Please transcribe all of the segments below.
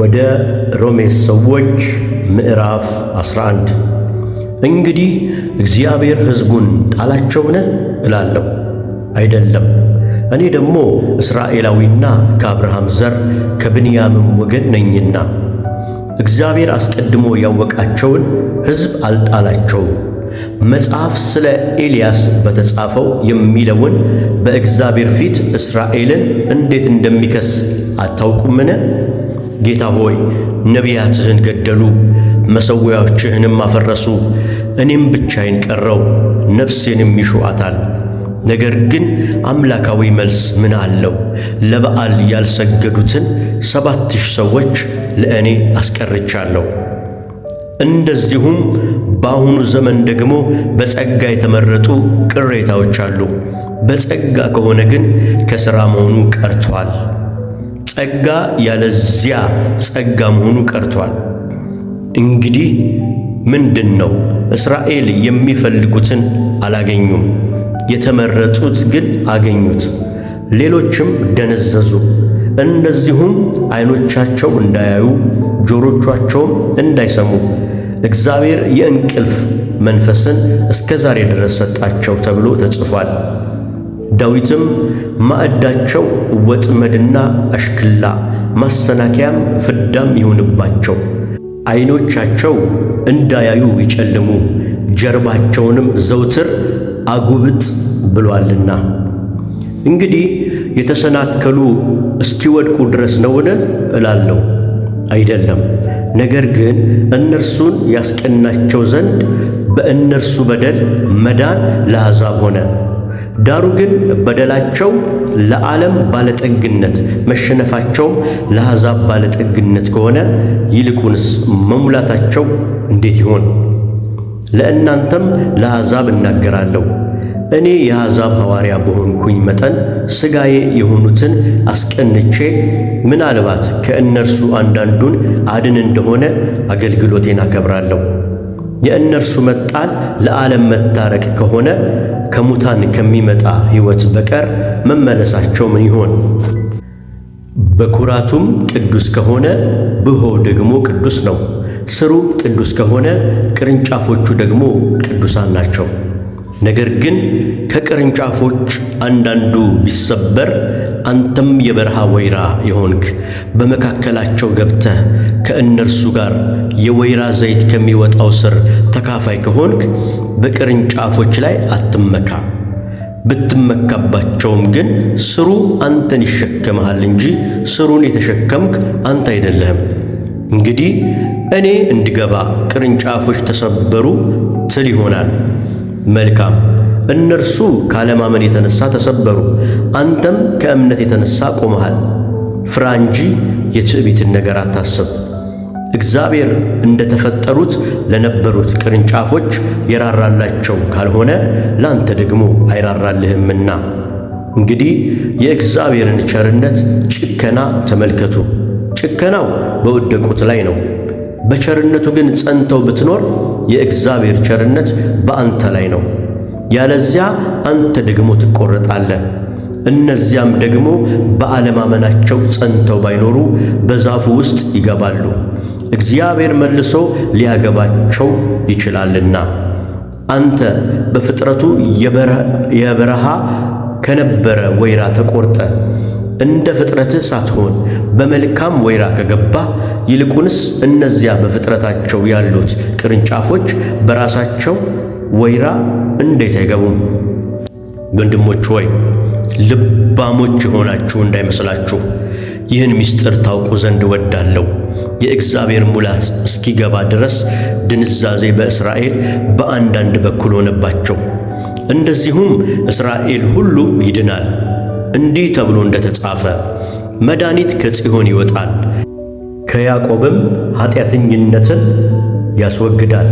ወደ ሮሜ ሰዎች ምዕራፍ 11 እንግዲህ እግዚአብሔር ሕዝቡን ጣላቸውን እላለሁ? አይደለም። እኔ ደግሞ እስራኤላዊና ከአብርሃም ዘር ከብንያምም ወገን ነኝና እግዚአብሔር አስቀድሞ ያወቃቸውን ሕዝብ አልጣላቸውም። መጽሐፍ ስለ ኤልያስ በተጻፈው የሚለውን በእግዚአብሔር ፊት እስራኤልን እንዴት እንደሚከስ አታውቁምን? ጌታ ሆይ ነቢያትህን ገደሉ፣ መሠዊያዎችህንም አፈረሱ፣ እኔም ብቻዬን ቀረው፣ ነፍሴንም ይሹአታል። ነገር ግን አምላካዊ መልስ ምን አለው? ለበዓል ያልሰገዱትን ሰባት ሺህ ሰዎች ለእኔ አስቀርቻለሁ። እንደዚሁም በአሁኑ ዘመን ደግሞ በጸጋ የተመረጡ ቅሬታዎች አሉ። በጸጋ ከሆነ ግን ከሥራ መሆኑ ቀርቷል። ጸጋ ያለዚያ ጸጋ መሆኑ ቀርቷል። እንግዲህ ምንድን ነው? እስራኤል የሚፈልጉትን አላገኙም፣ የተመረጡት ግን አገኙት። ሌሎችም ደነዘዙ። እንደዚሁም አይኖቻቸው እንዳያዩ ጆሮቻቸውም እንዳይሰሙ እግዚአብሔር የእንቅልፍ መንፈስን እስከ ዛሬ ድረስ ሰጣቸው ተብሎ ተጽፏል። ዳዊትም ማዕዳቸው ወጥመድና አሽክላ ማሰናከያም ፍዳም ይሁንባቸው። ዐይኖቻቸው እንዳያዩ ይጨልሙ፣ ጀርባቸውንም ዘውትር አጉብጥ ብሏልና። እንግዲህ የተሰናከሉ እስኪወድቁ ድረስ ነውን እላለሁ? አይደለም። ነገር ግን እነርሱን ያስቀናቸው ዘንድ በእነርሱ በደል መዳን ለአሕዛብ ሆነ። ዳሩ ግን በደላቸው ለዓለም ባለጠግነት መሸነፋቸውም ለአሕዛብ ባለጠግነት ከሆነ ይልቁንስ መሙላታቸው እንዴት ይሆን? ለእናንተም ለአሕዛብ እናገራለሁ እኔ የአሕዛብ ሐዋርያ በሆንኩኝ መጠን ሥጋዬ የሆኑትን አስቀንቼ ምናልባት ከእነርሱ አንዳንዱን አድን እንደሆነ አገልግሎቴን አከብራለሁ። የእነርሱ መጣል ለዓለም መታረቅ ከሆነ ከሙታን ከሚመጣ ሕይወት በቀር መመለሳቸው ምን ይሆን? በኩራቱም ቅዱስ ከሆነ ብሆ ደግሞ ቅዱስ ነው። ስሩ ቅዱስ ከሆነ ቅርንጫፎቹ ደግሞ ቅዱሳን ናቸው። ነገር ግን ከቅርንጫፎች አንዳንዱ ቢሰበር አንተም የበረሃ ወይራ የሆንክ በመካከላቸው ገብተህ ከእነርሱ ጋር የወይራ ዘይት ከሚወጣው ስር ተካፋይ ከሆንክ በቅርንጫፎች ላይ አትመካ፣ ብትመካባቸውም ግን ስሩ አንተን ይሸከመሃል እንጂ ስሩን የተሸከምክ አንተ አይደለህም። እንግዲህ እኔ እንድገባ ቅርንጫፎች ተሰበሩ ትል ይሆናል። መልካም እነርሱ ካለማመን የተነሳ ተሰበሩ፣ አንተም ከእምነት የተነሳ ቆመሃል። ፍራ እንጂ የትዕቢትን ነገር አታስብ። እግዚአብሔር እንደተፈጠሩት ለነበሩት ቅርንጫፎች የራራላቸው ካልሆነ ላንተ ደግሞ አይራራልህምና። እንግዲህ የእግዚአብሔርን ቸርነት ጭከና ተመልከቱ። ጭከናው በወደቁት ላይ ነው። በቸርነቱ ግን ጸንተው ብትኖር የእግዚአብሔር ቸርነት በአንተ ላይ ነው። ያለዚያ አንተ ደግሞ ትቆረጣለህ። እነዚያም ደግሞ በአለማመናቸው ጸንተው ባይኖሩ በዛፉ ውስጥ ይገባሉ። እግዚአብሔር መልሶ ሊያገባቸው ይችላልና። አንተ በፍጥረቱ የበረሃ ከነበረ ወይራ ተቆርጠ እንደ ፍጥረትህ ሳትሆን በመልካም ወይራ ከገባ ይልቁንስ እነዚያ በፍጥረታቸው ያሉት ቅርንጫፎች በራሳቸው ወይራ እንዴት አይገቡም? ወንድሞች ሆይ ልባሞች የሆናችሁ እንዳይመስላችሁ፣ ይህን ምስጢር ታውቁ ዘንድ እወዳለሁ። የእግዚአብሔር ሙላት እስኪገባ ድረስ ድንዛዜ በእስራኤል በአንዳንድ በኩል ሆነባቸው። እንደዚሁም እስራኤል ሁሉ ይድናል። እንዲህ ተብሎ እንደተጻፈ መድኃኒት ከጽዮን ይወጣል፣ ከያዕቆብም ኀጢአተኝነትን ያስወግዳል።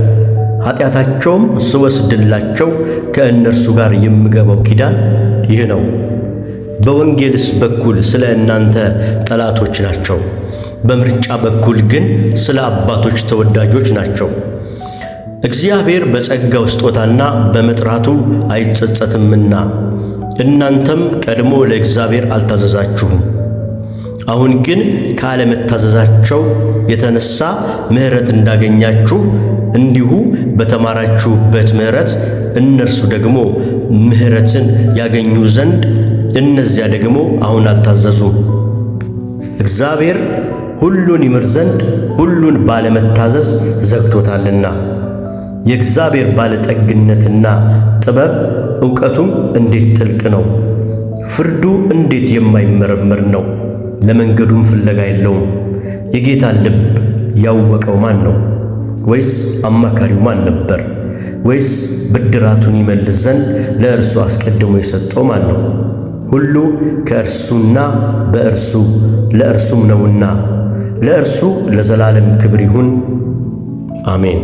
ኀጢአታቸውም ስወስድላቸው ከእነርሱ ጋር የምገባው ኪዳን ይህ ነው። በወንጌልስ በኩል ስለ እናንተ ጠላቶች ናቸው በምርጫ በኩል ግን ስለ አባቶች ተወዳጆች ናቸው። እግዚአብሔር በጸጋው ስጦታና በመጥራቱ አይጸጸትምና እናንተም ቀድሞ ለእግዚአብሔር አልታዘዛችሁም። አሁን ግን ካለመታዘዛቸው የተነሳ ምሕረት እንዳገኛችሁ እንዲሁ በተማራችሁበት ምሕረት እነርሱ ደግሞ ምሕረትን ያገኙ ዘንድ እነዚያ ደግሞ አሁን አልታዘዙም። እግዚአብሔር ሁሉን ይምር ዘንድ ሁሉን ባለመታዘዝ ዘግቶታልና የእግዚአብሔር ባለጠግነትና ጥበብ ዕውቀቱም እንዴት ጥልቅ ነው! ፍርዱ እንዴት የማይመረመር ነው! ለመንገዱም ፍለጋ የለውም። የጌታን ልብ ያወቀው ማን ነው? ወይስ አማካሪው ማን ነበር? ወይስ ብድራቱን ይመልስ ዘንድ ለእርሱ አስቀድሞ የሰጠው ማን ነው? ሁሉ ከእርሱና በእርሱ ለእርሱም ነውና ለእርሱ ለዘላለም ክብር ይሁን፣ አሜን።